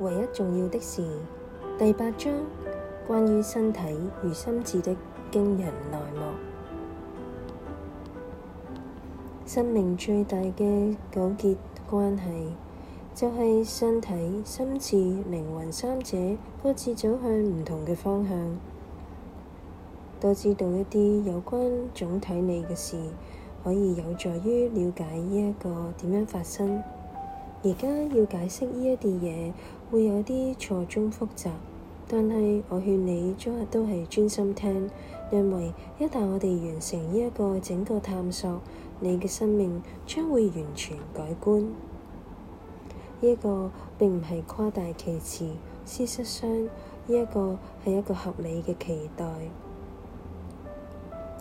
唯一重要的事第八章，關於身體與心智的驚人內幕。生命最大嘅糾結關係，就係、是、身體、心智、靈魂三者各自走向唔同嘅方向。多知道一啲有關總體你嘅事，可以有助於了解呢一個點樣發生。而家要解釋呢一啲嘢。會有啲錯綜複雜，但係我勸你，今日都係專心聽，因為一旦我哋完成呢一個整個探索，你嘅生命將會完全改觀。呢一個並唔係誇大其詞，事實上呢一個係一個合理嘅期待。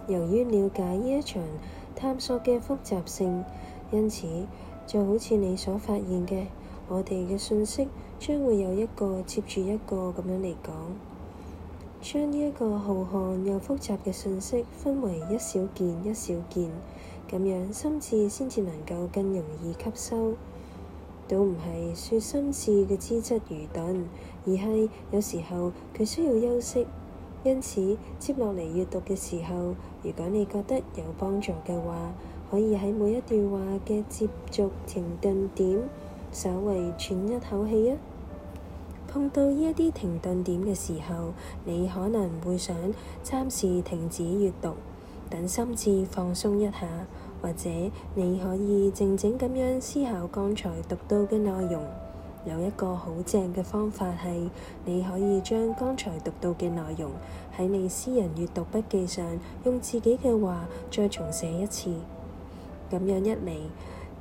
由於了解呢一場探索嘅複雜性，因此就好似你所發現嘅，我哋嘅信息。將會有一個接住一個咁樣嚟講，將呢一個浩瀚又複雜嘅信息分為一小件一小件，咁樣心智先至能夠更容易吸收。倒唔係説心智嘅資質愚鈍，而係有時候佢需要休息。因此接落嚟閱讀嘅時候，如果你覺得有幫助嘅話，可以喺每一段話嘅接續停頓點。稍微喘一口氣啊！碰到呢一啲停頓點嘅時候，你可能會想暫時停止閱讀，等心智放鬆一下，或者你可以靜靜咁樣思考剛才讀到嘅內容。有一個好正嘅方法係，你可以將剛才讀到嘅內容喺你私人閱讀筆記上，用自己嘅話再重寫一次。咁樣一嚟，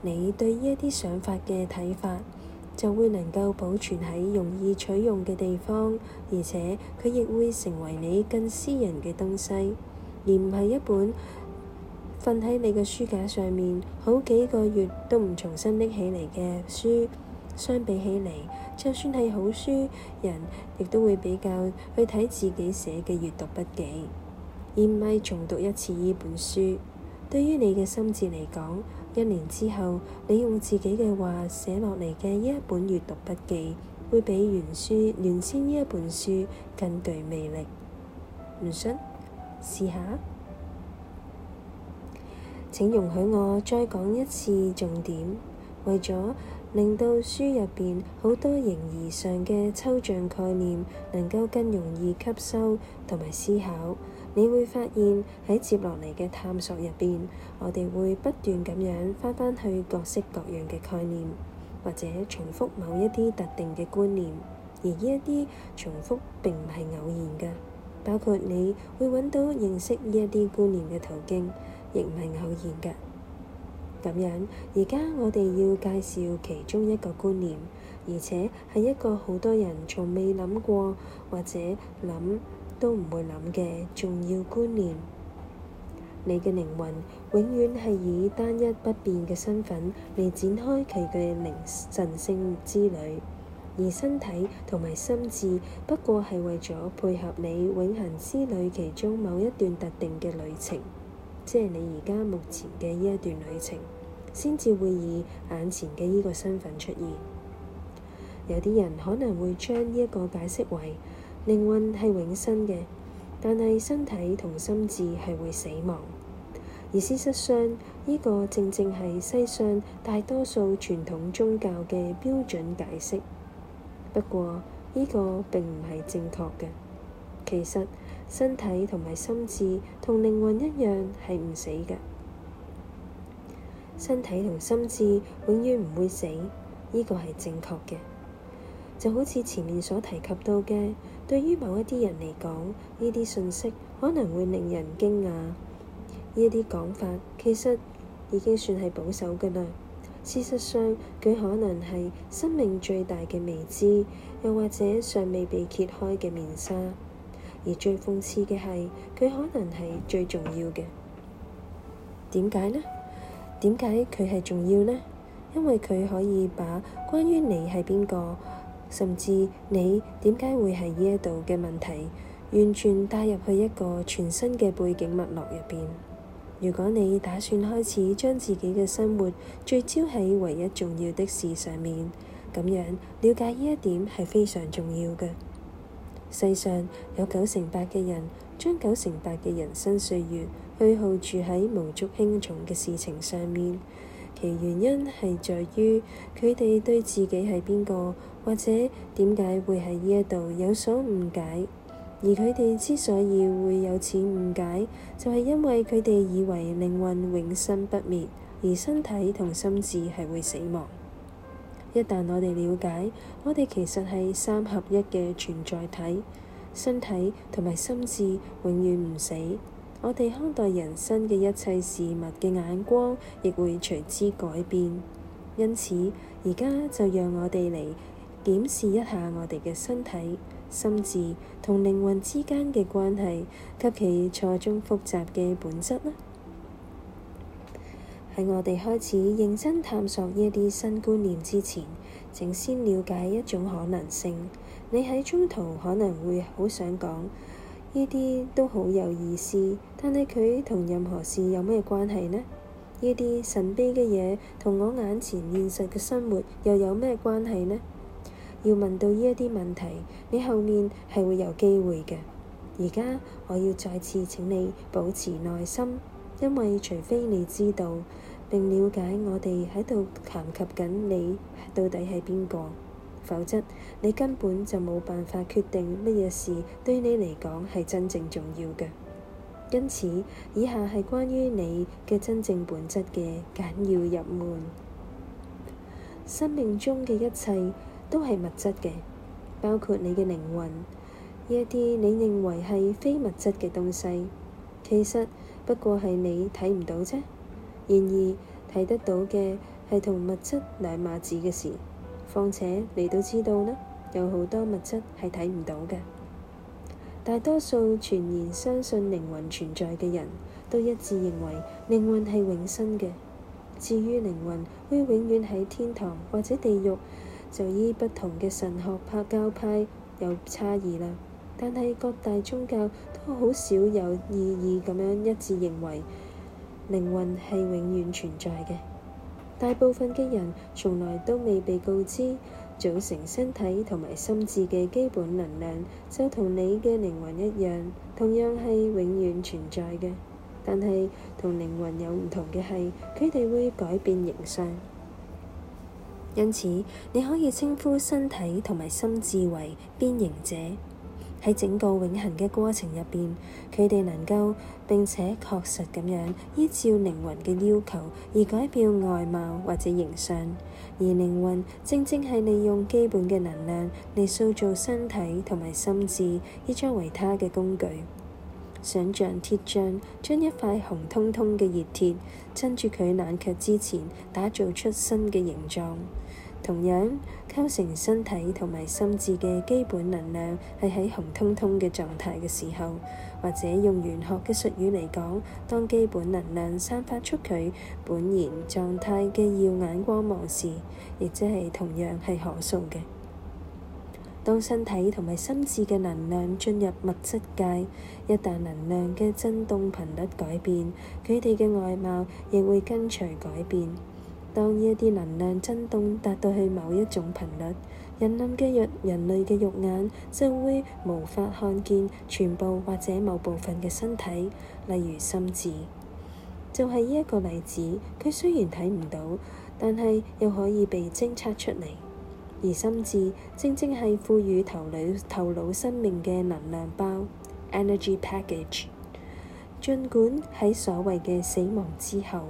你對於一啲想法嘅睇法，就會能夠保存喺容易取用嘅地方，而且佢亦會成為你更私人嘅東西，而唔係一本瞓喺你嘅書架上面好幾個月都唔重新拎起嚟嘅書。相比起嚟，就算係好書，人亦都會比較去睇自己寫嘅閱讀筆記，而唔係重讀一次呢本書。對於你嘅心智嚟講，一年之後，你用自己嘅話寫落嚟嘅呢一本閱讀筆記，會比原書原先呢一本書更具魅力。唔信，試下。請容許我再講一次重點，為咗令到書入邊好多形而上嘅抽象概念能夠更容易吸收同埋思考。你會發現喺接落嚟嘅探索入邊，我哋會不斷咁樣翻翻去各式各樣嘅概念，或者重複某一啲特定嘅觀念。而呢一啲重複並唔係偶然㗎，包括你會揾到認識呢一啲觀念嘅途徑，亦唔係偶然㗎。咁樣，而家我哋要介紹其中一個觀念，而且係一個好多人從未諗過或者諗都唔會諗嘅重要觀念。你嘅靈魂永遠係以單一不變嘅身份嚟展開佢嘅靈神聖之旅，而身體同埋心智不過係為咗配合你永恆之旅其中某一段特定嘅旅程，即係你而家目前嘅呢一段旅程，先至會以眼前嘅呢個身份出現。有啲人可能會將呢一個解釋為。靈魂係永生嘅，但係身體同心智係會死亡。而事實上，呢個正正係世上大多數傳統宗教嘅標準解釋。不過，呢個並唔係正確嘅。其實，身體同埋心智同靈魂一樣係唔死嘅。身體同心智永遠唔會死，呢個係正確嘅。就好似前面所提及到嘅，對於某一啲人嚟講，呢啲信息可能會令人驚訝。呢啲講法其實已經算係保守㗎啦。事實上，佢可能係生命最大嘅未知，又或者尚未被揭開嘅面紗。而最諷刺嘅係，佢可能係最重要嘅。點解呢？點解佢係重要呢？因為佢可以把關於你係邊個。甚至你點解會係呢一度嘅問題，完全帶入去一個全新嘅背景脈絡入邊。如果你打算開始將自己嘅生活聚焦喺唯一重要的事上面，咁樣了解呢一點係非常重要嘅。世上有九成八嘅人將九成八嘅人生歲月去耗住喺無足輕重嘅事情上面，其原因係在於佢哋對自己係邊個，或者點解會喺呢一度有所誤解？而佢哋之所以會有此誤解，就係、是、因為佢哋以為靈魂永生不滅，而身體同心智係會死亡。一旦我哋了解，我哋其實係三合一嘅存在體，身體同埋心智永遠唔死。我哋看待人生嘅一切事物嘅眼光，亦會隨之改變。因此，而家就讓我哋嚟。檢視一下我哋嘅身體、心智同靈魂之間嘅關係，及其錯綜複雜嘅本質呢。喺我哋開始認真探索呢啲新觀念之前，請先了解一種可能性。你喺中途可能會好想講，呢啲都好有意思，但係佢同任何事有咩關係呢？呢啲神秘嘅嘢同我眼前現實嘅生活又有咩關係呢？要問到呢一啲問題，你後面係會有機會嘅。而家我要再次請你保持耐心，因為除非你知道並了解我哋喺度談及緊你到底係邊個，否則你根本就冇辦法決定乜嘢事對你嚟講係真正重要嘅。因此，以下係關於你嘅真正本質嘅簡要入門。生命中嘅一切，都係物質嘅，包括你嘅靈魂。呢一啲你認為係非物質嘅東西，其實不過係你睇唔到啫。然而睇得到嘅係同物質兩碼子嘅事。況且你都知道啦，有好多物質係睇唔到嘅。大多數全然相信靈魂存在嘅人都一致認為靈魂係永生嘅。至於靈魂會永遠喺天堂或者地獄，就依不同嘅神學派教派有差異啦，但係各大宗教都好少有意義咁樣一致認為靈魂係永遠存在嘅。大部分嘅人從來都未被告知，組成身體同埋心智嘅基本能量就同你嘅靈魂一樣，同樣係永遠存在嘅。但係同靈魂有唔同嘅係佢哋會改變形相。因此，你可以稱呼身體同埋心智為變形者。喺整個永恆嘅過程入邊，佢哋能夠並且確實咁樣依照靈魂嘅要求而改變外貌或者形象，而靈魂正正係利用基本嘅能量嚟塑造身體同埋心智，以作為他嘅工具。想像鐵匠將一塊紅通通嘅熱鐵，趁住佢冷卻之前，打造出新嘅形狀。同樣，構成身體同埋心智嘅基本能量，係喺紅通通嘅狀態嘅時候，或者用玄學嘅術語嚟講，當基本能量散發出佢本然狀態嘅耀眼光芒時，亦即係同樣係可數嘅。當身體同埋心智嘅能量進入物質界，一旦能量嘅振動頻率改變，佢哋嘅外貌亦會跟隨改變。當一啲能量振動達到去某一種頻率，人類嘅肉人類嘅肉眼就會無法看見全部或者某部分嘅身體，例如心智。就係呢一個例子，佢雖然睇唔到，但係又可以被偵測出嚟。而心智正正係賦予頭腦頭腦生命嘅能量包 （energy package）。儘管喺所謂嘅死亡之後，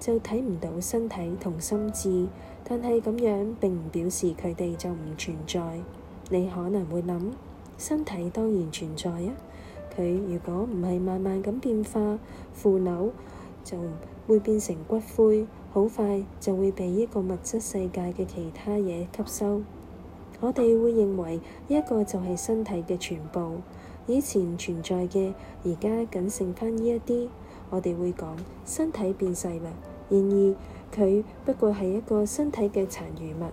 就睇唔到身體同心智，但係咁樣並唔表示佢哋就唔存在。你可能會諗：身體當然存在啊，佢如果唔係慢慢咁變化腐朽，就會變成骨灰。好快就會被一個物質世界嘅其他嘢吸收。我哋會認為一個就係身體嘅全部，以前存在嘅，而家僅剩翻呢一啲。我哋會講身體變細啦。然而佢不過係一個身體嘅殘餘物。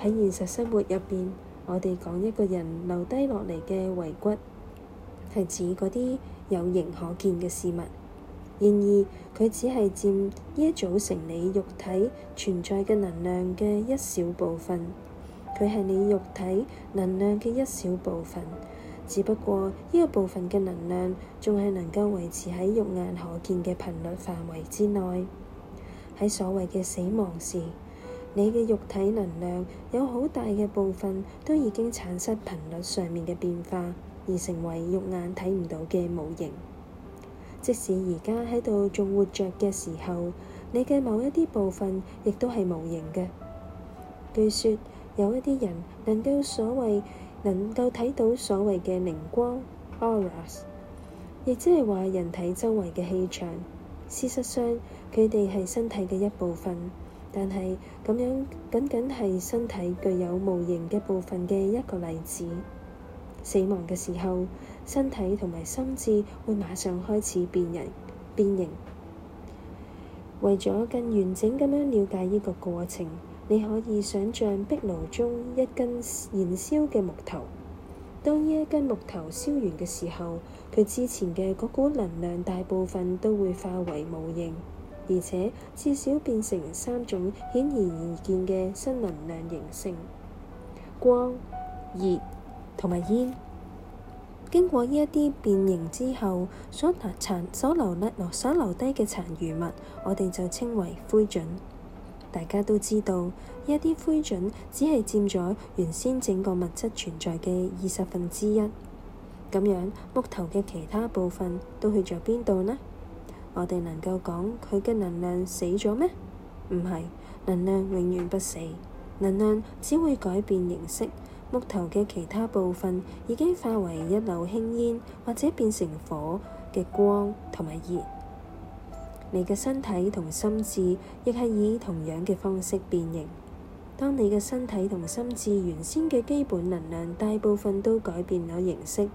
喺現實生活入邊，我哋講一個人留低落嚟嘅遺骨，係指嗰啲有形可見嘅事物。然而，佢只係佔呢一組成你肉體存在嘅能量嘅一小部分。佢係你肉體能量嘅一小部分，只不過呢個部分嘅能量仲係能夠維持喺肉眼可見嘅頻率範圍之內。喺所謂嘅死亡時，你嘅肉體能量有好大嘅部分都已經產生頻率上面嘅變化，而成為肉眼睇唔到嘅模型。即使而家喺度仲活着嘅時候，你嘅某一啲部分亦都係無形嘅。據說有一啲人能夠所謂能夠睇到所謂嘅靈光 （auras），亦即係話人體周圍嘅氣場。事實上，佢哋係身體嘅一部分，但係咁樣僅僅係身體具有無形嘅部分嘅一個例子。死亡嘅時候，身體同埋心智會馬上開始變形變形。為咗更完整咁樣了解呢個過程，你可以想像壁爐中一根燃燒嘅木頭。當呢一根木頭燒完嘅時候，佢之前嘅嗰股能量大部分都會化為無形，而且至少變成三種顯而易見嘅新能量形成：光、熱，同埋煙，經過呢一啲變形之後，所殘殘、所留所留低嘅殘餘物，我哋就稱為灰燼。大家都知道，呢一啲灰燼只係佔咗原先整個物質存在嘅二十分之一。咁樣木頭嘅其他部分都去咗邊度呢？我哋能夠講佢嘅能量死咗咩？唔係，能量永遠不死，能量只會改變形式。木頭嘅其他部分已經化為一縷輕煙，或者變成火嘅光同埋熱。你嘅身體同心智亦係以同樣嘅方式變形。當你嘅身體同心智原先嘅基本能量大部分都改變咗形式，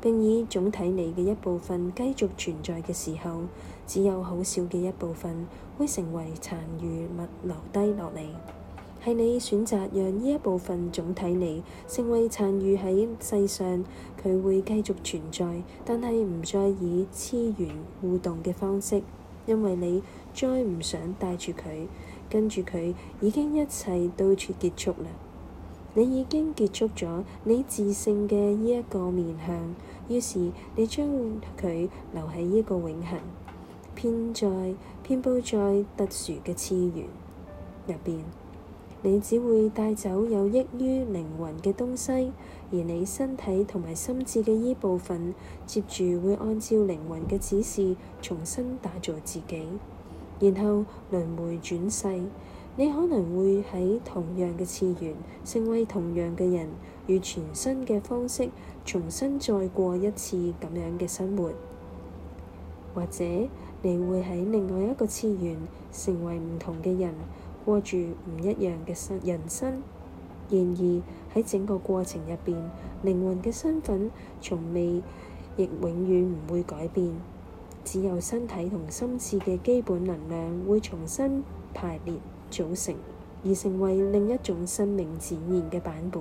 並以總體你嘅一部分繼續存在嘅時候，只有好少嘅一部分會成為殘餘物留低落嚟。係你選擇讓呢一部分總體你成為殘餘喺世上，佢會繼續存在，但係唔再以次元互動嘅方式，因為你再唔想帶住佢跟住佢，已經一切到處結束啦。你已經結束咗你自性嘅呢一個面向，於是你將佢留喺呢個永恆，遍在遍佈在特殊嘅次元入邊。你只會帶走有益於靈魂嘅東西，而你身體同埋心智嘅依部分，接住會按照靈魂嘅指示重新打造自己，然後輪迴轉世。你可能會喺同樣嘅次元，成為同樣嘅人，以全新嘅方式重新再過一次咁樣嘅生活，或者你會喺另外一個次元，成為唔同嘅人，過住唔一樣嘅人生，然而喺整個過程入邊，靈魂嘅身份從未亦永遠唔會改變，只有身體同心智嘅基本能量會重新排列組成，而成為另一種生命展現嘅版本。